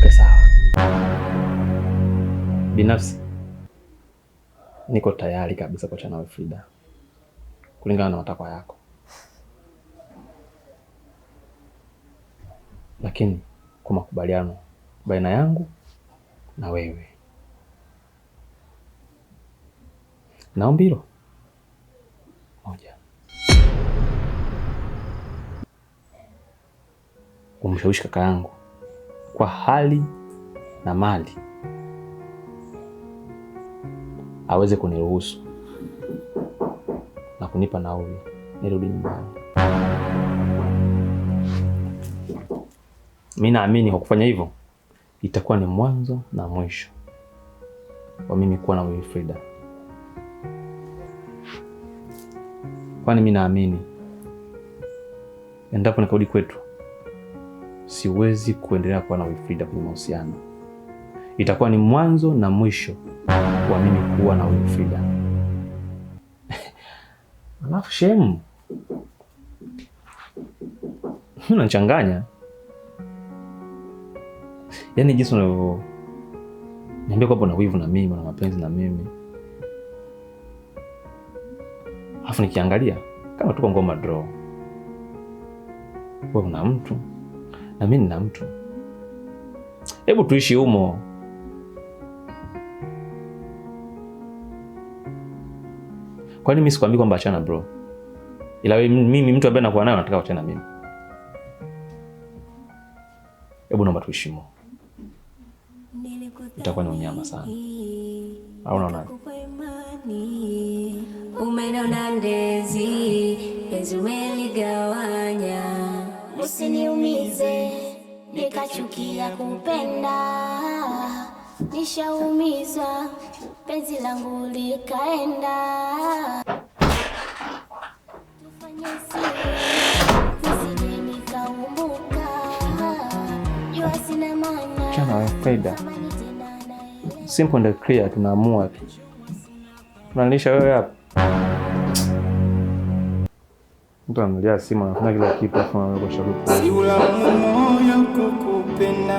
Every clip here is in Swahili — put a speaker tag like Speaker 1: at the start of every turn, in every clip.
Speaker 1: tukae sawa. Binafsi niko tayari kabisa kuachana nawe Frida, kulingana na matakwa yako, lakini kwa makubaliano baina yangu na wewe. Naomba hilo moja, kumshawishi kaka yangu kwa hali na mali aweze kuniruhusu na kunipa nauli nirudi nyumbani. Mi naamini kwa kufanya hivyo itakuwa ni mwanzo na mwisho wa mimi kuwa na Wilfrida, kwani mi naamini endapo nikarudi kwetu siwezi kuendelea kuwa na Wilfrida kwenye mahusiano. Itakuwa ni mwanzo na mwisho wa mimi kuwa na Wilfrida. Alafu shemu unachanganya, yaani jinsi niambia kwamba na wivu na mimi na mapenzi na mimi, alafu nikiangalia kama tuko ngoma draw, we una mtu na mimi nina mtu, hebu tuishi humo. Kwani mimi sikwambii kwamba achana bro, ila mimi mtu ambaye nakuwa nayo nataka achana mimi. Hebu naomba tuishi humo, itakuwa ni unyama sana, au unaona?
Speaker 2: Umeno ndezi, Yesu aligawanya usiniumize nikachukia kupenda, nishaumizwa penzi langu likaenda. nikaumbuka,
Speaker 1: faida simple and clear, tunaamua tu, tunalisha wewe hapa Mtu analia simu anafanya kila kitu afu anaweka shauri. Si
Speaker 2: moyo kukupenda.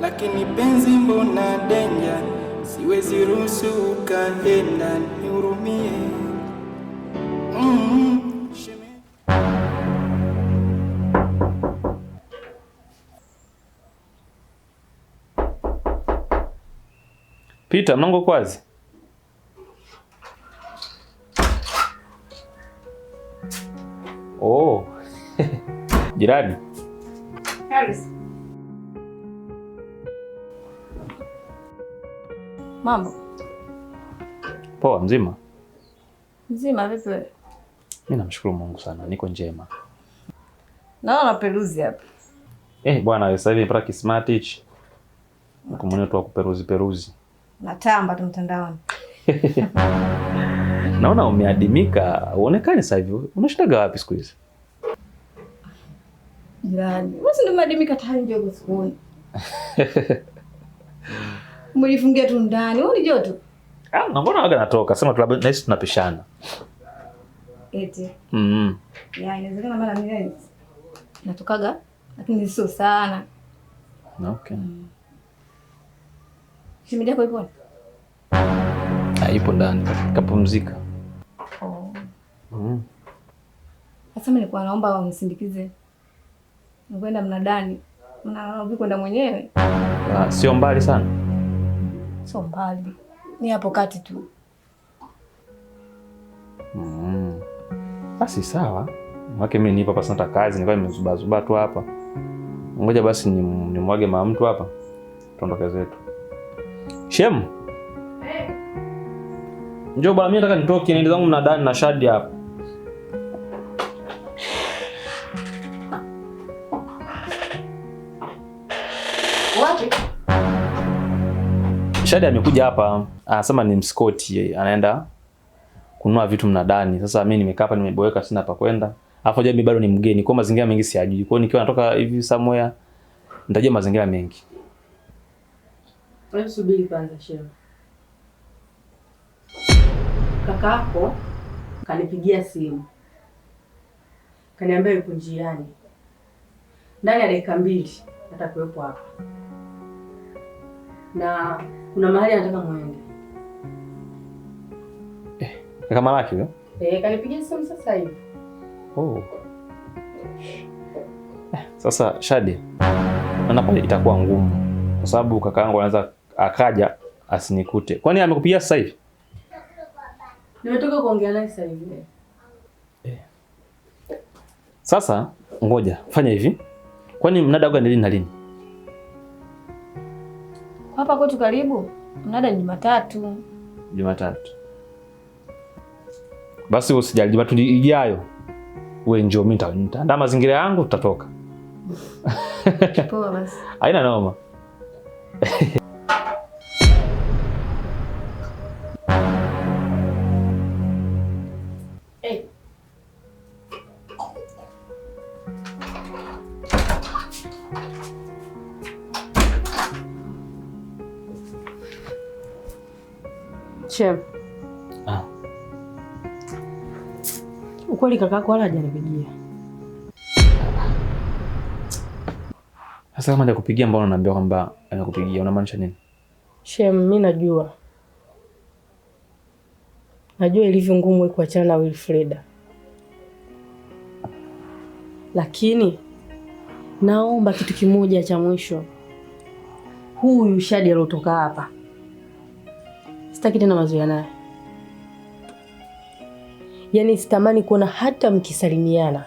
Speaker 2: Lakini penzi mbona denja, siwezi ruhusu ukaenda, nihurumie. Mm.
Speaker 1: mlango kwazi. Jirani.
Speaker 3: Harris. Mambo. Poa, mzima? Mzima vipi wewe?
Speaker 1: Mimi namshukuru Mungu sana, niko njema.
Speaker 3: Naona peruzi hapa.
Speaker 1: Eh, bwana sasa hivi nimepata smart itch. Kumwona tu akuperuzi peruzi.
Speaker 3: Natamba tu mtandaoni.
Speaker 1: Naona umeadimika, uonekane sasa hivi. Unashindaga wapi siku hizi?
Speaker 3: Jirani wesi ndo mademi katali njogo sikuoni mulifungia tu ndani uni joto
Speaker 1: ah, na mbona waga natoka sema tu labda nahisi tunapishana
Speaker 3: eti mm ya inawezekana bana mimi natokaga lakini sio sana okay mm. Shimidi yako
Speaker 1: ah, ipo? ndani kapumzika. Oh. Mm.
Speaker 3: Sasa mimi nilikuwa naomba wamsindikize Nkwenda mnadani, mnavi kwenda mwenyewe?
Speaker 1: Ah, sio mbali sana.
Speaker 3: Sio mbali, ni hapo kati tu.
Speaker 1: Mm. Basi sawa, make mimi nipo hapa sasa, kazi nikawa nimezubazuba tu hapa. Ngoja basi nimwage mama mtu hapa, tuondoke zetu. Shem, eh. njoo bwana, mimi nataka nitoke niende zangu mnadani na Shadi hapa. wake? Shadi amekuja hapa anasema ni mskoti yeye, anaenda kununua vitu mnadani. Sasa mimi nimekaa hapa nimeboeka, sina pa kwenda, alafu jamii bado ni mgeni, kwa mazingira mengi siyajui. Kwa nikiwa natoka hivi somewhere nitajua mazingira mengi.
Speaker 3: Wewe subiri kwanza, shehe. Kakaako kanipigia simu kaniambia yuko njiani, ndani ya dakika mbili atakuwepo hapa na kuna mahali anataka mwende.
Speaker 1: Eh, kama Malaki no?
Speaker 3: Eh, kanipigia simu sasa hivi.
Speaker 1: Oh. Eh, sasa Shade, naona itakuwa ngumu kwa sababu kaka yangu anaweza akaja asinikute. Kwani amekupigia sasa hivi?
Speaker 3: Nimetoka kuongea naye sasa hivi. Eh.
Speaker 1: Sasa ngoja, fanya hivi. Kwani mnada ni lini na lini?
Speaker 3: hapa kwetu karibu. Mnada ni Jumatatu.
Speaker 1: Jumatatu basi, usijali, Jumatatu ijayo uwe njoo, mimi nitaandaa mazingira yangu, tutatoka. aina basi, haina noma.
Speaker 3: Chef. Ah. Ukweli kakako wala hajanipigia.
Speaker 1: Sasa kama hajakupigia, mbona unaambia kwamba amekupigia? Unamaanisha nini?
Speaker 3: Shem, mimi najua. Najua ilivyo ngumu kuachana na Wilfreda. Lakini naomba kitu kimoja cha mwisho. Huyu Shadi aliotoka hapa Sitaki tena mazoea naye. Yaani sitamani kuona hata mkisalimiana.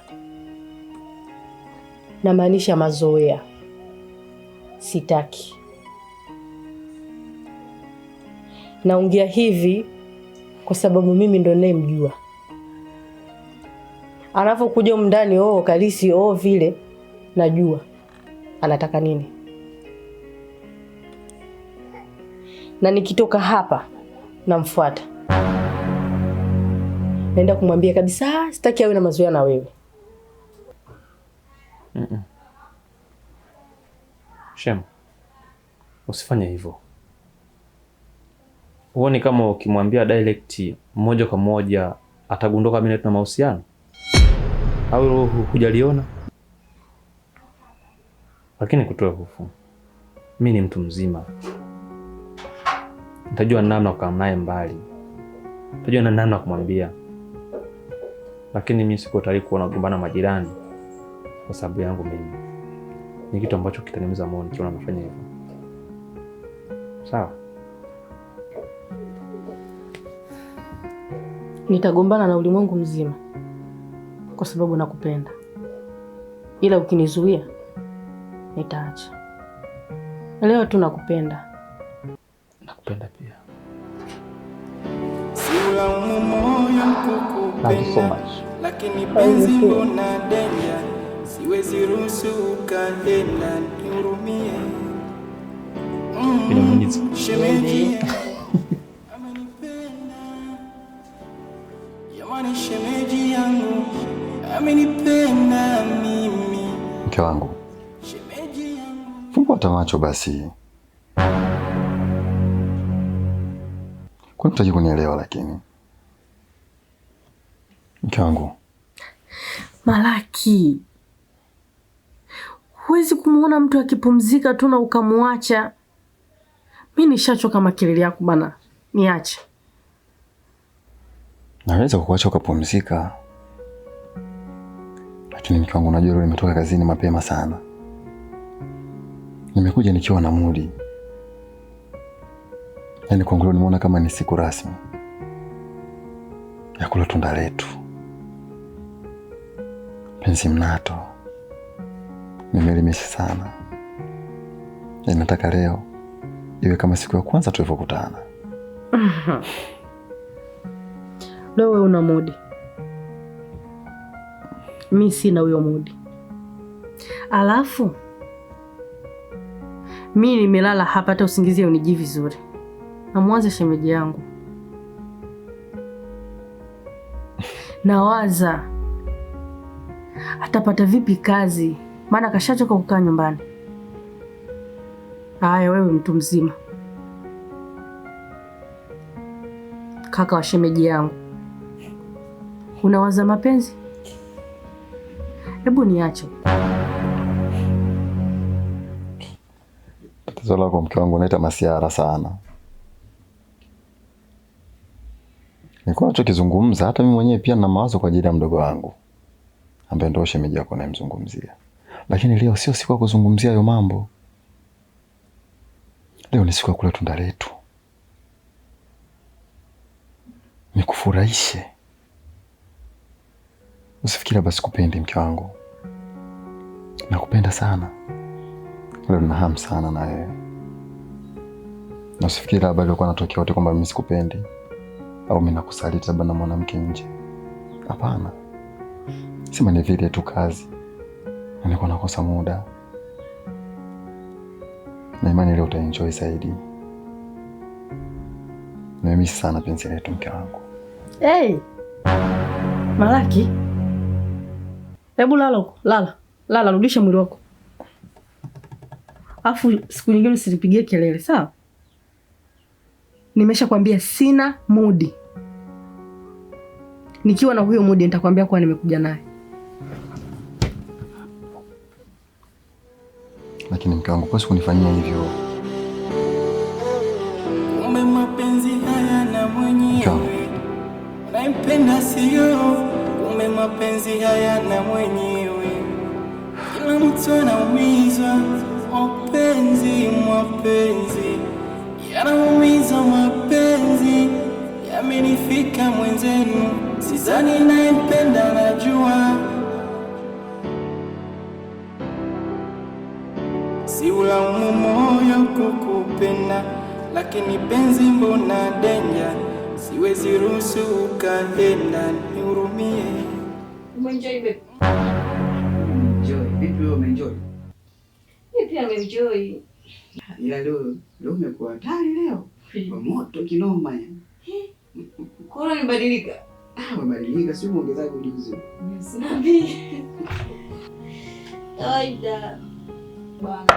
Speaker 3: Namaanisha mazoea, sitaki. Naongea hivi kwa sababu mimi ndo ninayemjua. kuja mndani, oo oh, kalisi, oo oh, vile, najua anataka nini, na nikitoka hapa namfuata, naenda kumwambia kabisa, ah, sitaki awe na mazoea na wewe.
Speaker 2: mm -mm.
Speaker 1: Shem, usifanye hivyo. Huoni kama ukimwambia direct moja kwa moja atagundua mimi na mahusiano au hujaliona? Lakini kutoa hofu, mi ni mtu mzima. Utajua namna kukaa naye mbali, utajua na namna kumwambia, lakini mimi siko tayari kuona kugombana majirani kwa sababu yangu mimi. Ni kitu ambacho kitaniumiza moyo nikiona nafanya hivyo. Sawa,
Speaker 3: nitagombana na ulimwengu mzima kwa sababu nakupenda, ila ukinizuia nitaacha. Leo tu nakupenda nakupenda pia.
Speaker 2: Lakini penzi mbona denya, siwezi ruhusu ukaenda, nihurumie. Mm, shemeji yaani. amenipenda, jamani, shemeji yangu amenipenda mimi.
Speaker 4: Mke wangu, fungua macho basi. Kwani mtaki kunielewa lakini. Mke wangu.
Speaker 3: Malaki. Huwezi kumuona mtu akipumzika tu na ukamwacha. mi nishachoka makelele yako bana. Niache.
Speaker 4: Naweza kukuacha ukapumzika. Lakini mke wangu, unajua leo nimetoka kazini mapema sana. Nimekuja nikiwa na mudi Yaani kwangu leo nimeona kama ni siku rasmi ya kula tunda letu penzi mnato. Nimeelimisha sana, yaani nataka leo iwe kama siku ya kwanza tulivyokutana.
Speaker 3: Leo wewe una mudi, mi sina huyo mudi. Alafu mi nimelala hapa, hata usingizie unijivi vizuri namwaza shemeji yangu, nawaza atapata vipi kazi, maana kashachoka kukaa nyumbani. Haya, wewe mtu mzima, kaka wa shemeji yangu, unawaza mapenzi? Hebu niache
Speaker 4: tatizo lako, mke wangu, unaita masiara sana. Nilikuwa nachokizungumza hata mimi mwenyewe pia nina mawazo kwa ajili ya mdogo wangu ambaye ndio shemeji yako nayemzungumzia, lakini leo sio siku ya kuzungumzia hayo mambo. Leo ni siku ya kula tunda letu, nikufurahishe. Usifikiri basi kupendi, mke wangu, nakupenda sana. Leo nina hamu sana na wewe, na usifikiri labda ilikuwa natokea wote kwamba mimi sikupendi au mimi nakusaliti labda na mwanamke nje. Hapana, sema ni vile tu kazi, nilikuwa nakosa muda, na imani leo utaenjoy zaidi. Nimemisi sana penzi letu, mke wangu.
Speaker 3: Hey, Malaki, hebu lala huko, lala lala, rudisha mwili wako, afu siku nyingine usinipigie kelele, sawa? Nimeshakwambia sina mudi. Nikiwa na huyo mudi nitakwambia kuwa nimekuja naye.
Speaker 4: Lakini mke wangu, pasi kunifanyia hivyo.
Speaker 2: Kumbe mapenzi na mwenyewe, unampenda sio? Kumbe mapenzi na mwenyewe, kila mtu anaumizwa Sani naempenda najua, si ulaumu moyo kukupenda, lakini penzi mbona denja, siwezi ruhusu ukaenda, nihurumie. Umeenjoy babe? Umeenjoy. Vipi wewe umeenjoy?
Speaker 3: Mimi pia nimeenjoy.
Speaker 2: Ila leo leo umekuwa
Speaker 3: hatari leo.
Speaker 5: Moto kinoma. Kora
Speaker 3: nibadilika.
Speaker 5: Ah, umebadilika, si umeongezaje ujuzi? Yes,
Speaker 2: Bwana.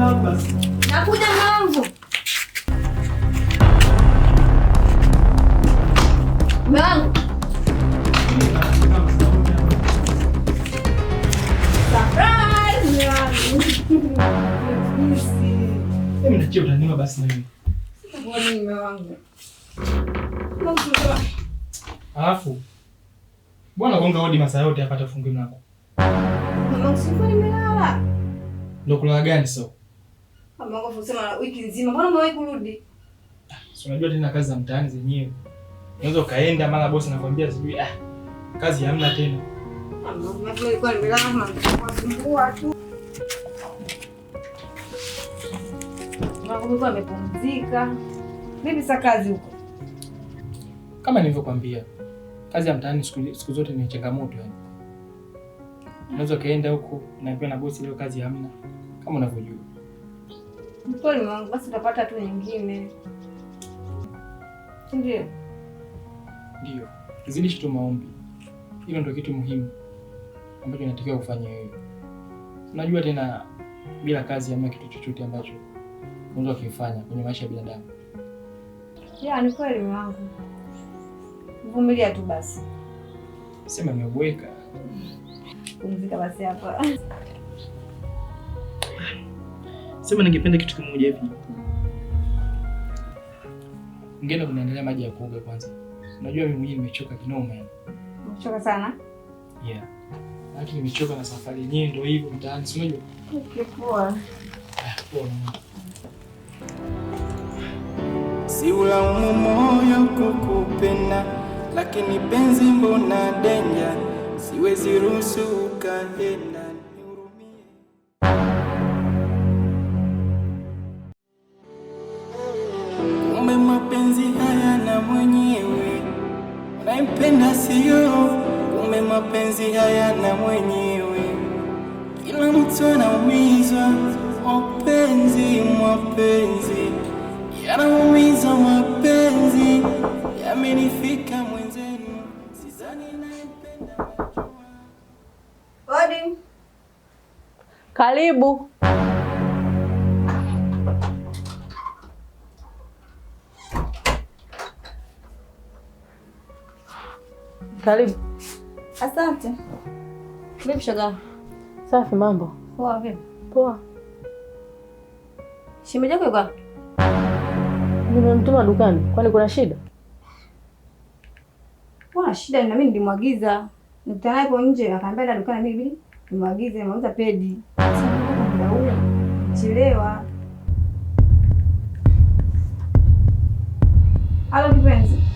Speaker 2: wako. Nakuja
Speaker 5: utagonga hodi masaa yote hapa, tafungwe mlango.
Speaker 2: Mama usiku nimelala.
Speaker 5: Ndio kulala gani so?
Speaker 3: Mama wangu fusema wiki nzima, mbona umewahi kurudi?
Speaker 5: Ah, si unajua tena kazi za mtaani zenyewe. Unaweza ukaenda mara bosi anakuambia sijui ah, kazi hamna tena.
Speaker 3: Mama wangu alikuwa nimelala mama, kwa tu. Mama wangu amepumzika. Mimi sa kazi huko.
Speaker 5: Kama nilivyokuambia kazi ya mtaani siku, siku zote ni changamoto yani. Unaweza ukaenda huko pia na bosi leo kazi hamna, kama unavyojua.
Speaker 3: Mpole wangu, basi utapata tu nyingine.
Speaker 5: Ndio, ndio, zidishi tu maombi. Hilo ndio kitu muhimu ambacho inatakiwa kufanya wewe. Unajua tena, bila kazi hamna kitu chochote ambacho unaweza kufanya kwenye maisha ya binadamu. Yeah, ni kweli wangu. Vumilia tu basi. Sema nimebweka.
Speaker 3: Pumzika basi hapa.
Speaker 5: Sema ningependa kitu kimoja hivi. Ningeenda kunaendelea maji ya kuoga kwanza. Unajua mimi mwenyewe nimechoka kinoma. Nimechoka sana? Yeah. Lakini nimechoka na safari yenyewe ndio hivyo mtaani, si unajua?
Speaker 2: Poa. Ah, poa. Si ulaumu moyo kukupenda lakini penzi mbona denya, siwezi ruhusu ukaenda. Kumbe mapenzi haya na mwenyewe unaipenda sio? Kumbe mapenzi haya na mwenyewe, kila mtu anaumizwa. Mapenzi mapenzi yanaumiza, mapenzi yamenifika mwenyewe.
Speaker 3: Karibu. Karibu. Asante. Vipi shoga? Safi, mambo poa. Vipi? Poa. Shemeji yako yuko? Nimemtuma dukani. Kwani kuna shida? Kuna shida, na mimi nilimwagiza nikutana naye hapo nje, akaniambia nenda dukani, mimi nimwagize mauza pedi Umechelewa. Halo kipenzi.